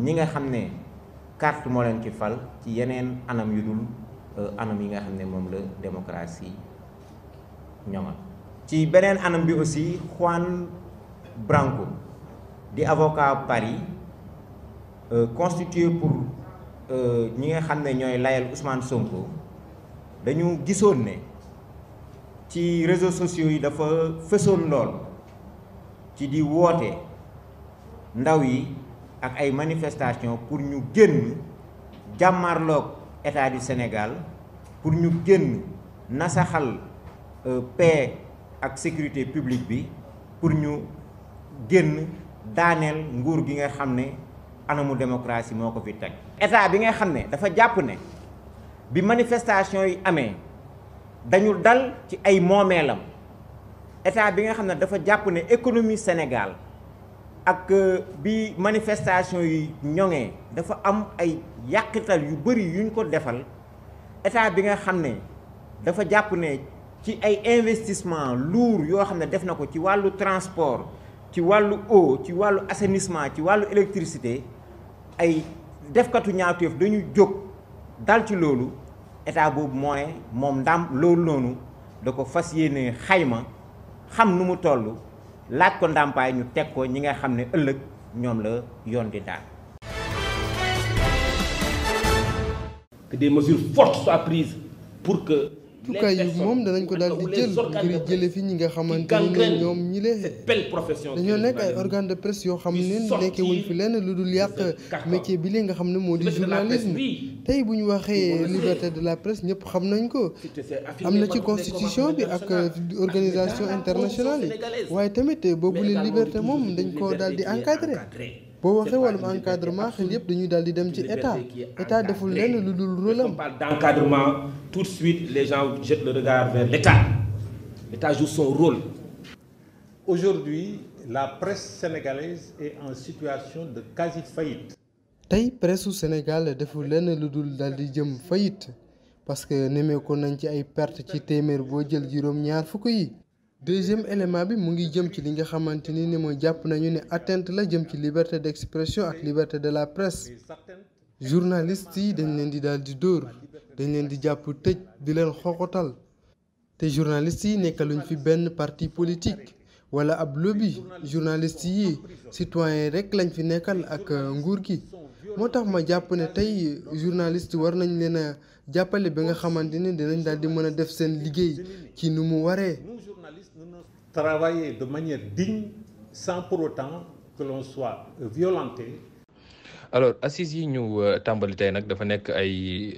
ñi nga xam ne kart moo leen ci fal ci yeneen anam yu dul euh, anam yi nga xam ne moom la démocratie ñoŋal ci beneen anam bi aussi Juan Branco di avocat Paris euh, constitué pour euh, ñi nga xam ne ñooy layal Ousmane Sonko dañu gisoon ne ci réseaux sociaux yi dafa fësoon lool ci di woote ndaw yi ak ay manifestations pour ñu génn jàmmarloog état di Sénégal pour ñu génn nasaxal euh, paix ak sécurité publique bi pour ñu génn daaneel nguur gi nga xam ne anamu démocratie moo ko fi teg. état bi nga xam ne dafa jàpp ne bi manifestation yi amee dañu dal ci ay moomeelam état bi nga xam ne dafa jàpp ne économie Sénégal. ak euh, bi manifestation yi ñongé dafa am ay yu ont yuñ ko defal état bi nga xamné dafa japp qui ci ay investissement lourd yo def ci transport ci walu eau ci walu assainissement ci walu électricité ay qui ñaawteef dañu jog dal ci lolu état bobu laaj ko ndàmpaay ñu teg ko ñi nga xam ne ëllëg ñoom la yoon di daan. Que des mesures fortes soient prises pour que jumtukaay yi moom danañ ko daal di jël ngir jële fi ñi nga xamante ne ñoom ñi lee dañoo nekk ay organe de presse yoo xam ne nekkee wuñ fi lenn lu dul yàq métier bi lee nga xam ne moo di journalisme tey bu ñu waxee liberté de la presse ñëpp xam nañ ko am na ci constitution bi ak euh, organisation internationale yi waaye tamit euh, boobu leen liberté moom dañ ko daal di encadré boo waxee wàllum d'encadrement, xel yëpp dañuy daal di dem ci état état deful lenn lu dul rôle on parle d'encadrement tout de suite les gens jettent le regard vers l'état l'état joue son rôle. aujourd'hui la presse sénégalaise est en situation de quasi faillite. presse presse Sénégal deful lenn lu dul jëm faillite parce que nemmeeku nañ ci ay qui ci téeméer boo jël juróom-ñaar fukk deuxième élément bi mu ngi jëm ci li nga xamante ni ni mooy jàpp nañu ne atteinte la jëm ci liberté d'expression ak liberté de la presse journaliste yi dañ leen di daal di dóor dañ leen di jàpp tëj di leen xoxotal te journalistes yi nekkaluñ fi benn partie politique wala ab lobby journaliste yi citoyen rek lañ fi nekkal ak euh, nguur gi moo tax ma jàpp ne tey journaliste war nañ leen a jàppale bi nga xamante ni dinañ daal di mën a def seen liggéey ci nu mu waree. travailler de manière digne sans pour autant que l'on soit euh, violenté. alors assises yi ñu euh, tàmbali tey nag dafa nekk ay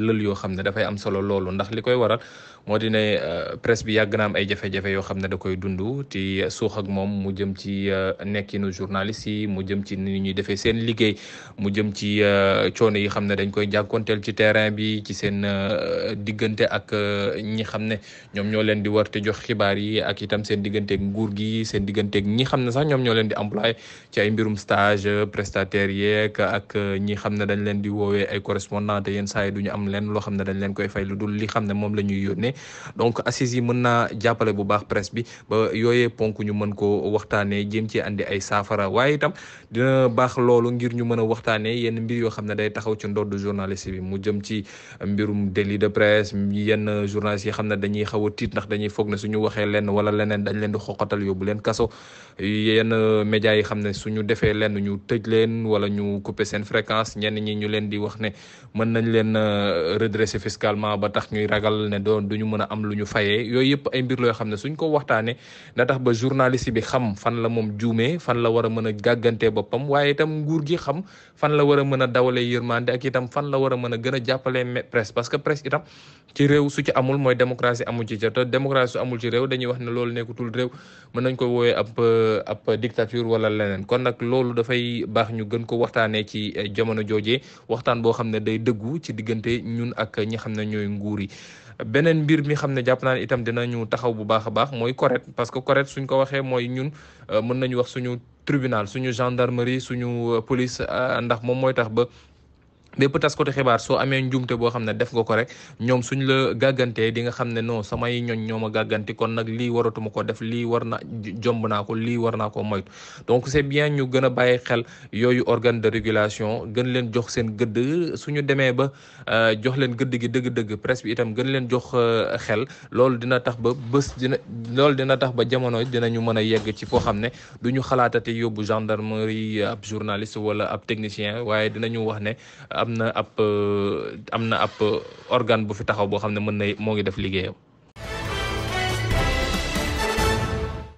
lël yoo xam ne dafay am solo loolu ndax li koy waral. moo di ne euh, presse bi yàgg na ay jafe-jafe yoo xam ne da koy dundu ti suux ak moom mu jëm ci euh, nekkinu journaliste yi mu jëm ci ni ñuy defee seen liggéey mu jëm ci euh, coono yi xam ne dañ koy jànkonteel ci terrain bi ci seen diggante ak ñi xam ne ñoom ñoo leen di war te jox xibaar yi ak itam seen digganteeg nguur gi seen digganteeg ñi xam ne sax ñoom ñoo leen di employé ci ay mbirum stage prestataire yeek ak ñi xam ne dañ leen di woowee ay correspondant te yenn saa yi duñu am leen loo xam ne dañ leen koy fay lu dul li xam ne moom la ñuy donc assises yi mën naa jàppale bu baax presse bi ba yooyee ponk ñu mën ko waxtaanee jéem ci andi ay saafara waaye itam dina baax loolu ngir ñu mën a waxtaanee yenn mbir yoo xam ne day taxaw ci ndodd journaliste bi mu jëm ci mbirum délit de presse yenn journaliste yi xam ne dañuy xaw a tiit ndax dañuy foog ne suñu waxee lenn wala leneen dañ leen di xoqatal yóbbu leen kaso yenn médias yi xam ne suñu defee lenn ñu tëj leen wala ñu couper seen fréquence ñenn ñi ñu leen di wax ne mën nañ leen euh, redresser fiscalement ba tax ñuy ragal ñu mën a am lu ñu fayee yooyu yëpp ay mbir la xam ne suñ ko waxtaanee na tax ba journaliste bi xam fan la moom juumee fan la war a mën a gàggantee boppam waaye itam nguur gi xam fan la war a mën a dawalee yërmande ak itam fan la war a mën a gën a jàppalee presse parce que presse itam ci réew su ci amul mooy démocratie amul ci te démocratie amul ci réew dañuy wax ne loolu nekkutul réew mën nañ ko woowee ab ab dictature wala leneen kon nag loolu dafay baax ñu gën ko waxtaanee ci eh, jamono joojee waxtaan boo xam ne day dëggu ci diggante ñun ak ñi xam ne ñooy nguur yi beneen mbir mi xam ne jàpp naa ne itam dinañu taxaw bu baax a baax mooy correct parce que correct suñ ko waxee mooy ñun euh, mën nañu wax suñu tribunal suñu gendarmerie suñu euh, police euh, ndax moom mooy tax ba bépp taskatu xibaar soo amee njuumte boo xam ne def nga ko rek ñoom suñ la gàggantee di nga xam ne non samay ñoñ ñoo ma gàgganti kon nag lii waratuma ko def lii war na jomb naa ko lii war naa ko moytu donc c'est bien ñu gën a bàyyi xel yooyu organe de régulation gën leen jox seen gëdd suñu demee ba euh, jox leen gëdd gi dëgg-dëgg presse itam gën leen jox euh, xel loolu dina tax ba bés dina loolu dina tax ba jamono dinañu mën a yegg ci foo xam ne du ñu xalaatati yóbbu gendarmerie ab journaliste wala ab technicien waaye dinañu wax ne am na ab euh, am na ab organe bu fi taxaw boo xam ne mën na moo ngi def liggéeyam.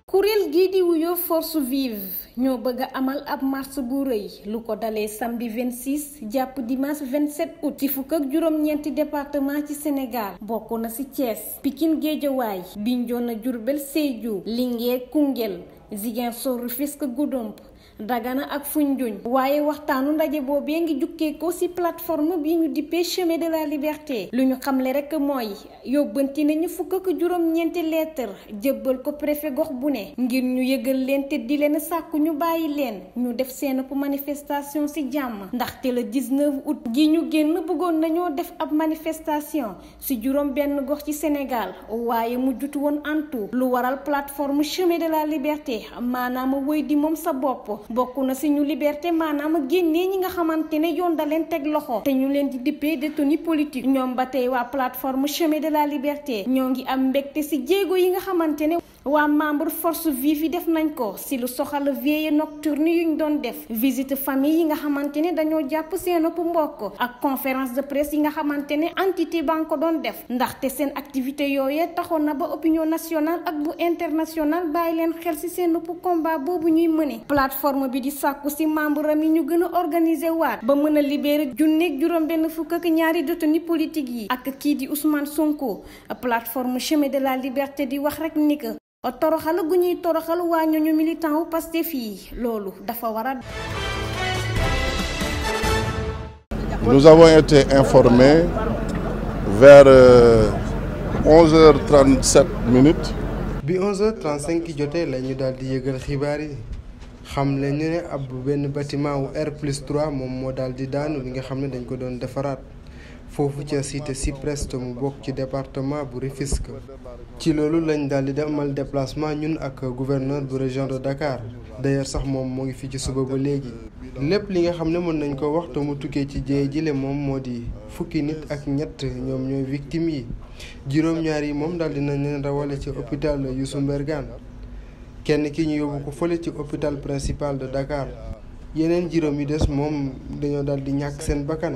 kuréel gii di wuyoo force vive ñoo bëgg amal ab mars bu rëy lu ko dalee samedi 26 jàpp dimanche 27 août ci fukk ak juróom-ñeenti département ci Sénégal bokk na ci Thiès Pikine Géejawaay Bignona Diourbel Sédhiou Linguère Koungheul Ziguinchor Rufisque Goudomp Dagana ak Foundiougne waaye waxtaanu ndaje boobee ngi jukkee ko ci plateforme bi ñu dippee chemin de la liberté lu ñu xamle rek mooy yóbbanti nañu fukk ak juróom-ñeenti lettre jébbal ko préfet gox bu ne ngir ñu yëgal leen te di leen sàkku ñu leen ñu def seen manifestation ci jàmm ndaxte le 19 août gi ñu génn bëggoon def ab manifestation ci juróom benn gox ci Sénégal waaye mu jutu antu lu waral plateforme chemin de la liberté maanaam wëy di moom sa bokk na si ñu liberté maanaam génnee ñi nga xamante ne yoon da leen teg loxo te ñu leen di dippee détenu politique ñoom ba tey waa plateforme chemin de la liberté ñoo ngi am mbégte si jéego yi nga xamante ne waa membre force vive yi def nañ ko si lu soxal veillée nocturne ñu doon def visite famille yi nga xamante ne dañoo jàpp seen ëpp mbokk ak conférence de presse yi nga xamante ne entité baa ngi ko doon def ndaxte seen activité yooyee taxoon na ba opinion nationale ak bu internationale bàyyi leen xel si seen ëpp ñuy mëne plateforme bi di sàkku si membre am yi ñu gën a organiser waat ba mën a libéré junneeg benn fukk ak ñaari détenu politique yi ak di Ousmane Sonko plateforme chemin de la liberté di wax rek ni que toroxal gu ñuy toroxal waa ñooñu militant wu dafa war Nous avons été informés vers 11h37 euh, minutes. bi 11h35 jotee la ñu daal di yëgal xibaar yi. xam le ñu ne ab benn bâtiment wu R plus 3 moom moo daal di daanu bi nga xam ne dañ ko doon defaraat foofu ca cité Cyprès te mu bokk ci département bu Rufisque. ci loolu lañ daal di amal déplacement ñun ak gouverneur bu région de Dakar d'ailleurs sax moom moo ngi fii ci suba ba léegi. lépp li nga xam ne mën nañ ko wax te mu tukkee ci jëye jile moom moo di fukki nit ak ñett ñoom ñooy victimes yi juróom-ñaar yi moom daal dinañ leen rawale ci hôpital Youssou Mbergane kenn ki ñu yóbbu ko fële ci hôpital principal de Dakar yeneen juróom yi des moom dañoo daal di ñàkk seen bakkan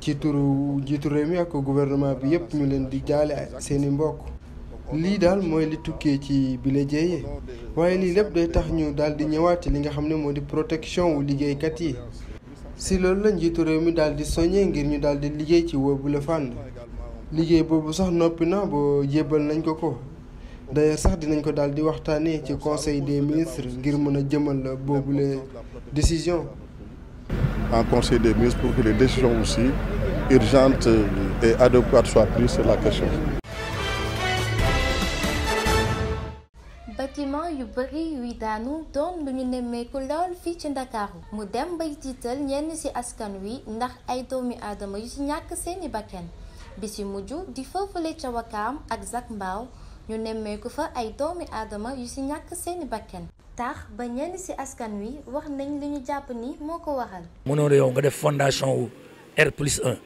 ci turu jiitu réew mi ak gouvernement bi yépp ñu leen di jaale seeni mbokk lii daal mooy li tukkee ci bile jéeye waaye lii lépp day tax ñu daal di ñëwaat ci li nga xam ne moo di protection wu liggéeykat yi si loolu la njiitu réew mi daal di soññee ngir ñu daal di liggéey ci woobule fànn liggéey boobu sax noppi na ba jébbal nañ ko ko d'ailleurs sax dinañ ko daal di waxtaanee ci conseil des ministres ngir mëna jëmmal jëmal boobu les décisions. en conseil des ministres pour que les décisions aussi urgentes et adéquates soient prises c'est la question. bâtiment yu bëri donne daanu doon lu ñu nemmeeku lool fii ci ndakaaru mu dem bay tiital ñenn ci askan wi ndax ay doomi aadama yu ci ñàkk seeni bakken bi ci mujj di foofale ca wakaam ak zac mbaaw ñu nemmeeku fa ay doomi aadama yu ci ñàkk seeni bakkan taax ba ñenn ci askan wi wax nañ li ñu jàpp ni moo ko waxal. mënoon yow nga def fondation wu R plus 1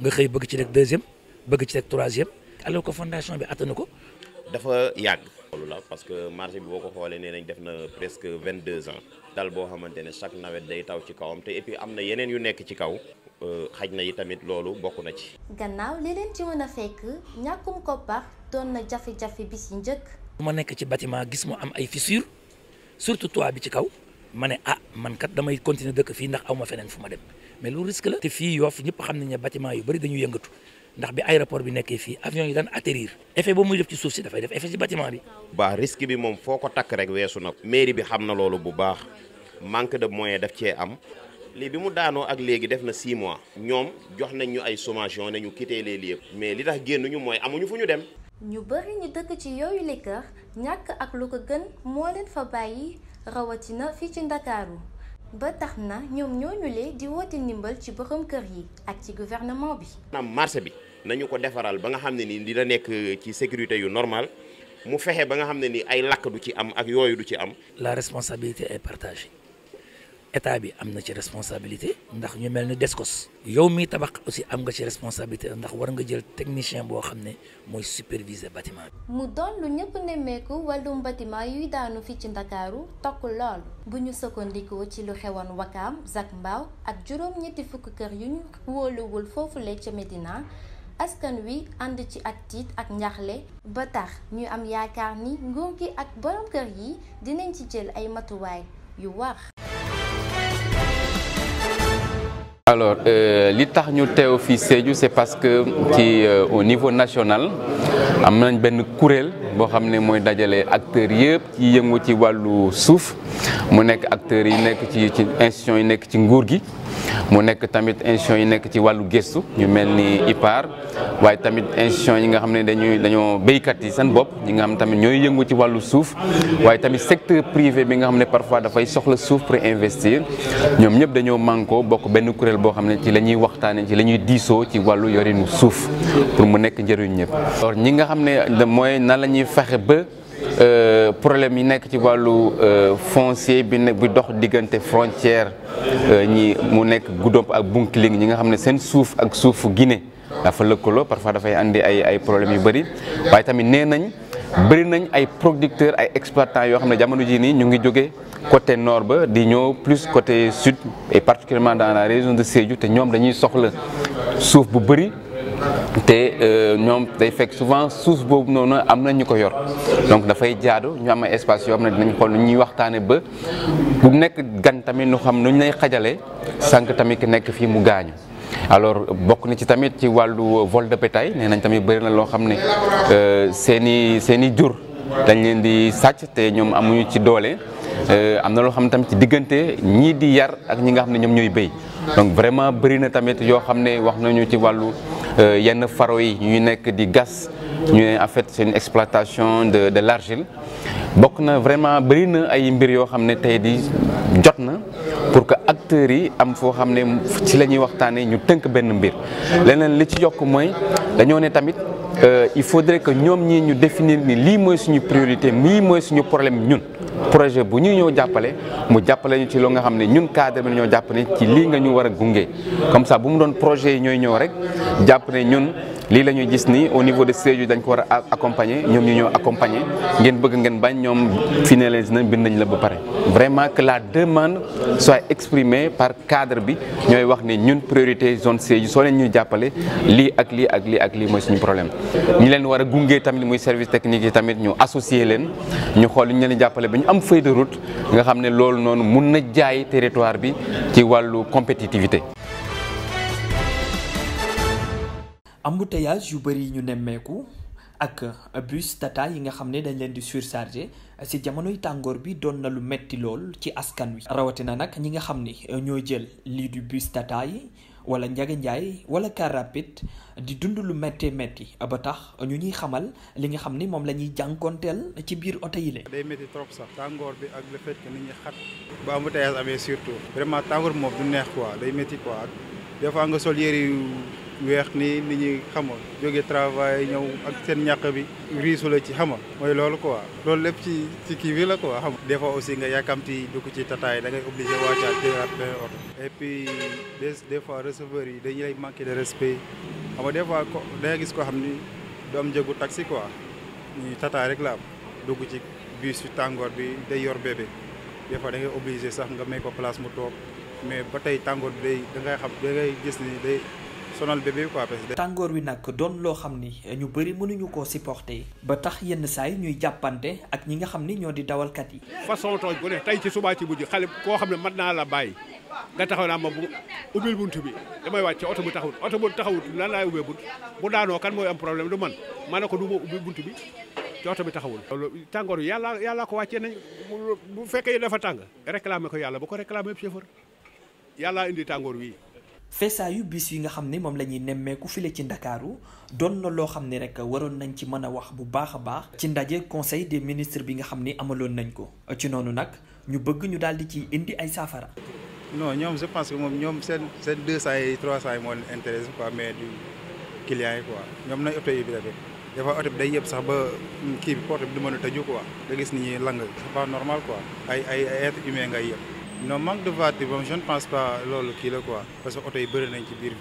nga xëy bëgg ci rek deuxième bëgg ci rek troisième alors que fondation bi attanu ko. dafa yàgg. loolu la parce que marché bi boo ko xoolee nee nañ def na presque vingt deux ans. dal boo xamante ne chaque nawet day taw ci kawam te et am na yeneen yu nekk ci kaw. xaj na yi tamit loolu bokk na ci. gannaaw li leen ci mën a fekk ñàkkum koppar doon na jafe-jafe bi si njëkk. bu ma nekk ci bâtiment gis mu am ay fissure surtout toit bi ci kaw ma ne ah man kat damay continuer dëkk fii ndax aw ma feneen fu ma dem mais lu risque la. te fii Yoff ñëpp xam nañ ne bâtiment yu bëri dañuy yëngatu ndax bi aéroport bi nekkee fii avion yi daan atterrir effet boobu muy def ci suuf si dafay def effet ci bâtiment bi. baax risque bi moom foo ko takk rek weesu na. mairie bi xam na bu baax manque de moyen daf cee am. lii bi mu daanoo ak léegi def na 6 mois ñoom jox nañ ñu ay sommation nañu ñu quitté les mais li tax génnuñu mooy amuñu fu ñu dem. ñu bëri ñu dëkk ci yooyu la kër ñàkk ak lu ko gën moo leen fa bàyyi rawatina fii ci ndakaaru ba tax na ñoom ñooñu le di woote ndimbal ci borom kër yi ak ci gouvernement bi. maanaam bi nañu ko defaral ba nga xam ne ni dina nekk ci sécurité yu normal mu fexe ba nga xam ne ni ay lakk du ci am ak yooyu du ci am. la responsabilité est partagée. état bi am na ci responsabilité ndax ñu mel ni DSCOS yow mii tabax aussi am nga ci responsabilité ndax war nga jël technicien boo xam ne mooy superviser bâtiment bi. mu doon lu ñëpp nemmeeku wàllum bâtiment yuy daanu fii ci ndakaaru tokk lool bu ñu sëkkandikoo ci lu xewoon Wakaam Zac mbaw ak juróom fukk kër yu ñu foofu foofule ca Medina. askan wi ànd ci ak tiit ak njaxle ba tax ñu am yaakaar ni nguur gi ak borom kër yi dinañ ci jël ay matuwaay yu war Alors, euh, l'Itarnu c'est parce que qui, euh, au niveau national, am nañ benn kuréel boo xam ne mooy dajale acteurs yëpp yi yëngu ci wàllu suuf mu nekk acteurs yi nekk ci ci institutions yi nekk ci nguur gi mu nekk tamit institutions yi nekk ci wàllu gëstu ñu mel ni IPAR waaye tamit institutions yi nga xam ne dañuy dañoo béykat yi seen bopp ñi nga xam tamit ñooy yëngu ci wàllu suuf waaye tamit secteur privé bi nga xam ne parfois dafay soxla suuf pour investir ñoom ñëpp dañoo mànkoo bokk benn kuréel boo xam ne ci la ñuy waxtaanee ci la ñuy diisoo ci wàllu yorinu suuf pour mu nekk njëriñ ñëpp xam ne mooy nan la ñuy fexe euh, problème yi nekk ci euh, foncier bi ne dox frontière euh, ñi mu nek Goudomp ak bunkling ñi nga xamné sen souf ak souf Guinée fa lekkolo parfois fay andi ay ay problèmes yu bari waye tamit né nañ bari nañ ay producteurs ay exploitants yo xamné jamono ji ni ñu ngi joggé côté nord ba di ñëw plus côté sud et particulièrement dans la région de Sédhiou té ñom dañuy soxla souf bu bari te euh, ñoom day fekk souvent suuf boobu noonu am na ñu ko yor donc dafay jaadu ñu am ay espace yoo xam ne dinañ xool ñuy waxtaane ba bu nekk gan tamit nu xam nu lay xajalee sànq tamit ki nekk fii mu gaañu alors bokk na ci tamit ci wàllu vol de bétail nee nañ tamit bëri na loo xam ne euh, seeni seeni jur dañ leen di sàcc te ñoom amuñu ci doole euh, am na loo xam ne tamit ci diggante ñii di yar ak ñi nga xam ne ñoom ñooy béy donc vraiment bëri na tamit yoo xam ne wax nañu ci wàllu Euh, yenn faro yi ñu nekk di gas ñu ne en fait c'est une exploitation de de l'argile bokk vraiment bëri na ay mbir yoo xam ne di jot pour que acteurs yi am foo xam ne ci la ñuy waxtaanee ñu tënk benn mbir leneen li ci yokk mooy dañoo ne tamit euh, il faudrait que ñoom ñii ñu définir ni lii mooy suñu priorité lii mooy suñu problème ñun. projet bu ñuy ñëw jàppale mu jàppale ñu ci loo nga xam ne ñun cadre bi ñoo jàpp ne ci lii nga ñu war a gunge comme ça bu mu doon projet yi ñooy ñëw rek jàpp ne ñun. li lañuy gis ni au niveau de Sédhiou dañ ko war a accompagner ñoom ñu ñoo accompagner ngeen bëgg ngeen bañ ñoom finalise nañ bind nañ la ba pare. vraiment que la demande soit exprimée par cadre bi ñooy wax ni ñun priorité zone Sédhiou soo leen ñuy jàppale lii ak lii ak lii ak lii mooy suñu problème. ñi leen war a gunge tamit muy service technique yi tamit ñu associer leen ñu xool ñu leen jàppale ba ñu am feuille de route nga xam ne loolu noonu mun na jaay territoire bi ci wàllu compétitivité. embouteillage yu bëri ñu nemmeeku ak bus tata yi nga xam ne dañ leen di surchargé si jamonoy tàngoor bi doon na lu metti lool ci askan wi rawatina nag ñi nga xam ni jël lii du bus tata yi wala njaga njaay wala car di dund lu méttee métti ba tax ñu ñuy xamal li nga xam ni moom la ñuy jànkoonteel ci biir oto yi la day métti trop sax tàngoor bi ak le fait que nit ñi xat ba embouteillage amee surtout vraiment tàngoor moom du neex quoi day quoi des fois nga sol weex nii ni ñi xamoon jóge travail ñëw ak seen ñàq bi riisu la ci xamoon mooy loolu quoi loolu lépp ci ci kii bi la quoi xam des fois aussi nga yàkkamti dugg ci tataay dangay ngay obligé wàccaat jëlaat beneen oto et puis des des fois receveurs yi dañu lay manqué de respect xam nga des fois da gis ko xam ni du am njëgu taxi quoi ñuy tataay rek la am dugg ci bus tàngoor bi day yor bébé des fois da ngay sax nga may ko place mu toog mais ba tey tàngoor bi day da ngay xam da ngay gis ni day sonal bébé quoi. tàngoor wi nag doon loo xam ni ñu bëri mënuñu koo supporter ba tax yenn saa saay ñuy jàppante ak ñi nga xam ni ñoo di dawalkat yi. façon tooñ bu ne tey ci subaa ci mujj xale koo xam ne mën naa la bàyyi nga taxaw naa ma bu ubbil bunt bi damay wàcce oto bu taxawut oto bu taxawut lan laay ubbee bunt bu daanoo kan mooy am problème du man ma ne ko du ma ubbil bunt bi. cooto bi taxawul tàngoor bi yàlla yàlla ko wàccee nañ bu fekkee dafa tàng réclamé ko yàlla ba ko réclamé chauffeur yàlla indi tàngoor wi feesaayu bis yi nga xam ni moom la ñuy nemmeeku file ci ndakaaru doon na loo xam ni rek waroon nañ ci mën a wax bu baax a baax ci ndaje conseil des ministre bi nga xam ne amaloon nañ ko ci noonu nag ñu bëgg ñu daal di ci indi ay saafara non ñoom je pense que moom ñoom seen seen deux cent yi trois cent yi moo leen intéresse quoi mais du client yi quoi ñoom nañ oto dafa oto bi day yëpp sax ba kii bi porte bi du mën a tëju quoi da gis nit ñi lang c'est pas normal quoi ay ay être non manque de voiture je ne pense pas loolu kii la quoi parce que oto yi bëri nañ ci biir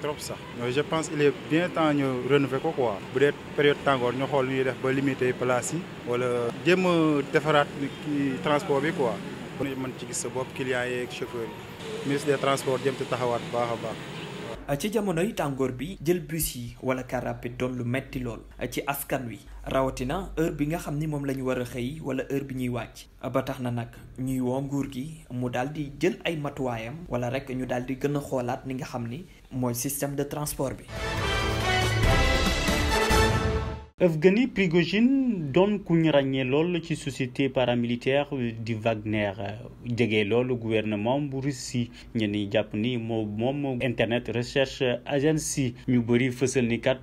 trop sax mais je pense il est bien temps ñu renouveler quoi bu dee période tàngoor ñu xool nu ñuy def ba limiter place yi wala jéem a defaraat transport bi quoi mën ci gis sa bopp clients yeeg chauffeurs yi ministre des transports jëm te taxawaat bu baax a baax ci jamonoy tàngoor bi jël bus yi wala car rapide doon lu metti lool ci askan wi rawatina heure bi nga xam ni moom la ñu war a xëy wala heure bi ñuy wàcc ba tax na nag ñuy woo nguur gi mu daal di jël ay matuwaayam wala rek ñu daal di gën a xoolaat ni nga xam ni mooy système de transport bi Evgeny Prigojine donne ku ñu ràññee ci société paramilitaire du Wagner djégé le gouvernement bu Russie ñi japp ni mom internet recherche agency ñu bari fësal ni kat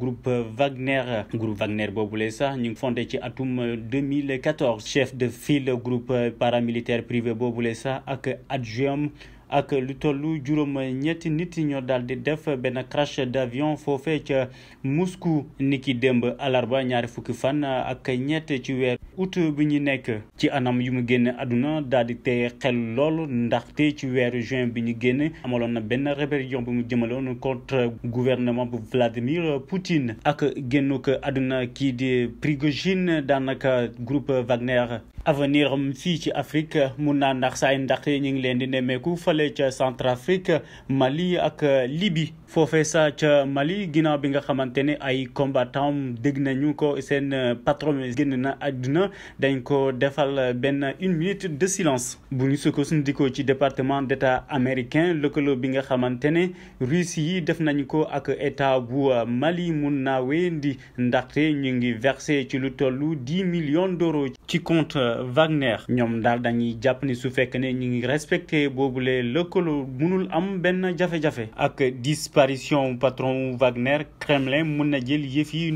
groupe Wagner groupe Wagner boobule sax ñu fondé ci atum 2014 chef de file groupe paramilitaire privé boobule sax ak adjoint ak lu tollu juróom ñetti nit ñoo daal di def benn crash d'avion foofee ca Moscou niki démb alarba ñaari fukki fan ak ñett ci weer août bi ñu nekk ci anam yu mu génn àdduna daal di teye xel lool ndaxte ci weeru juin bi ñu génne amaloon na benn rébellion bi mu jëmaloon contre gouvernement bu Vladimir Poutine ak génnuk àdduna kii di Prigojine daanaka groupe Wagner avenir fii ci Afrique mun naa ndax saay ndax ñu ngi leen di nemmeeku fale centre Centrafrique Mali ak Libye foofee sa Mali ginnaaw bi nga xamantene ay combattant dégg nañu ko sen patron génn na aduna. dañ ko defal ben une minute de silence bu ñu sukkandikoo ci département d'état américain lëkkaloo bi nga xamantene Russie yi def nañu ko ak état bu Mali mun naa weendi ndaxte ñu ngi versé ci lu tollu 10 millions d'euros ci compte Wagner ñoom daal dañuy jàpp ni su fekk ne ñu ngi respecté boobule lëkkaloo mënul am benn jafe-jafe. ak disparition patron Wagner Kremlin na jël yi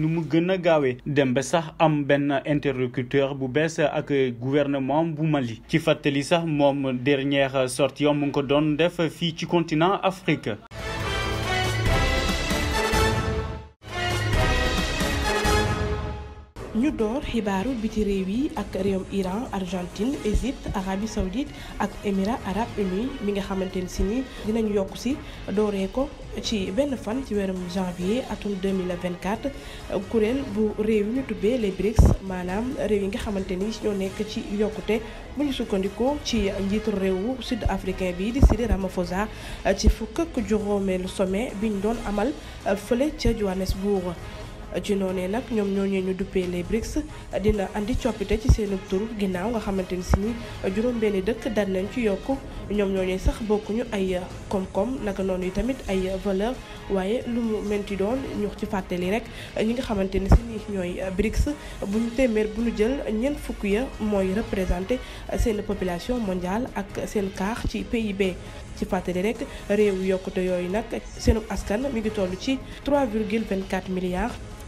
a am interlocuteur bu bees gouvernement bu Mali. ci fàttali dernière sortie mu ko def continent Afrique. ñu door xibaaru biti réew yi ak réewum Iran Argentine Égypte Arabie Saoudite ak Émirats Arabes Unis mi nga xamante ne si ni dinañ yokk si dooree ko ci benn fan ci weerum janvier atum 2024 kuréel bu réew yi ñu tuddee les BRICS maanaam réew yi nga xamante ni ñoo nekk ci yokkute bu ñu sukkandikoo ci njiitu réewu sud africain bi di Cyril Ramaphosa ci fukk ak juróomeelu sommet biñ doon amal fële ca Johannesburg ci noonee nag ñoom ñu les BRICS dina andi coppite ci seen tur ginnaaw nga xamante ni si ni dëkk nañ ci yokk ñoom BRICS, sax bokkuñu ay kom-kom naka noonu tamit ay valeur waaye lu mu menti ñu ci fàttali rek ñi nga xamante ni si ni ñooy BRICS bu jël population mondiale ak seen kaax ci PIB ci fàttali rek nous yokkute yooyu nag seenu askan mi ngi toll ci 3,24 milliards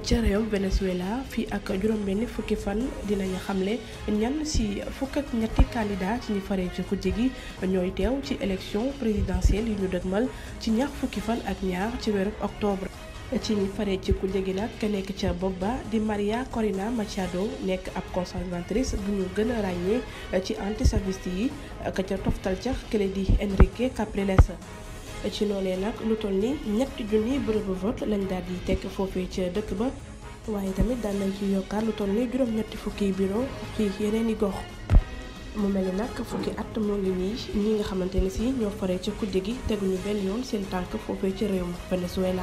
ca réewum Venezuela fii ak juróom-benn fukki fan dinañu xamle ñan si fukk ak ñetti candidat ci ñu faree ci kujje gi ñooy teew ci élection présidentielle yi ñu dëgmal ci ñax fukki fan ak ñaar ci weeru octobre. ci ñi faree ci kujje gi nag nekk ca bopp ba di Maria Corina Machado nekk ab conservatrice bu ñu gën a ràññee ci antisavistes yi ka ca toftal ca kële di Enrique Capriles. ci loolee nag lu toll ni ñetti junni bërëbu vote lañ daal di teg foofee ca dëkk ba waaye tamit daan nañ ci yokkaat lu toll ni juróom-ñetti fukki bureau ci yeneen i gox. mu mel ni nag fukki at moo ngi nii ñi nga xamante ni si ñoo faree ca kujje gi ñu benn yoon seen tànk foofee ca réewum Venezuela.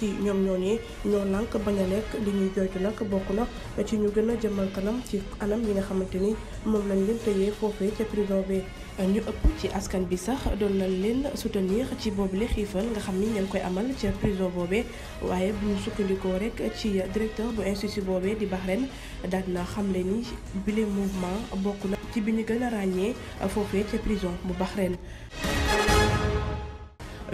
ci ñoom ñooñee ñoo lànk bañ a lekk li ñuy joytu nag bokk na ci ñu gën a jëmal kanam ci anam yi nga xamante ni moom lañ leen tëyee foofee ca prison bi ñu ëpp ci askan bi sax doon nañ leen soutenir ci boobule xiifal nga xam ni ña ngi koy amal ca prison boobee waaye bu ñu sukkandikoo rek ci directeur bu institut boobee di Bahreïn daal na xamle ni bile mouvement bokk na ci bi gën a ràññee foofee ca prison bu Bahreïn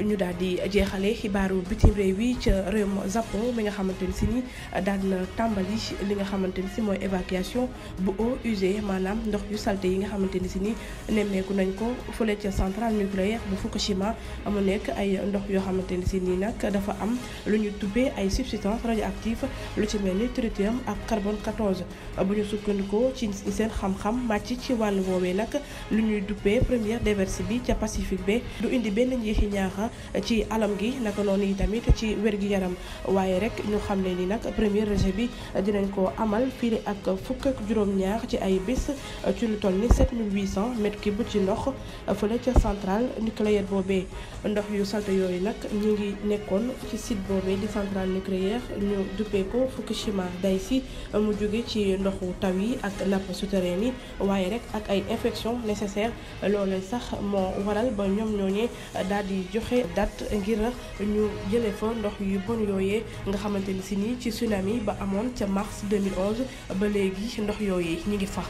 ñu daal di jeexale xibaaru bitim réew yi ca réewum Japon bi nga xamante ni si ni daal na tàmbali li nga xamante ni si mooy évacuation bu eau usée maanaam ndox yu salte yi nga xamante ni si ni nemmeeku nañ ko fële ca centrale nucléaire bu Fukushima mu nekk ay ndox yoo xamante ni si nii nag dafa am lu ñuy tubbee ay substance radioactive lu ci mel ni tritium ak carbone 14 bu ñu sukkandikoo ci seen xam-xam màcc ci wàllu woowee nag lu ñuy duppee première déverse bi ca Pacifique ba du indi benn njeexi ñaaxa ci alam gi naka noonu yi tamit ci wér-gi-yaram waaye rek ñu xam leen ni nag premier rejet bi dinañ ko amal fii ak fukk ak juróom-ñaar ci ay bis ci lu toll ni 7800 mètre ki bu ci ndox fële ca centrale nucléaire boobee ndox yu salte yooyu nag ñu ngi nekkoon ci site boobee di centrale nucléaire ñu duppee ko Fukushima Daiichi mu jóge ci ndoxu taw yi ak nappe souterrain yi waaye rek ak ay infection nécessaire loolee sax moo waral ba ñoom ñooñee daal di joxe date ngir ñu jëlee fa ndox yu bon yoyé nga xamante ni ci tsunami ba amone ca mars 2011 ba légui ndox yoyé ñi ngi fa.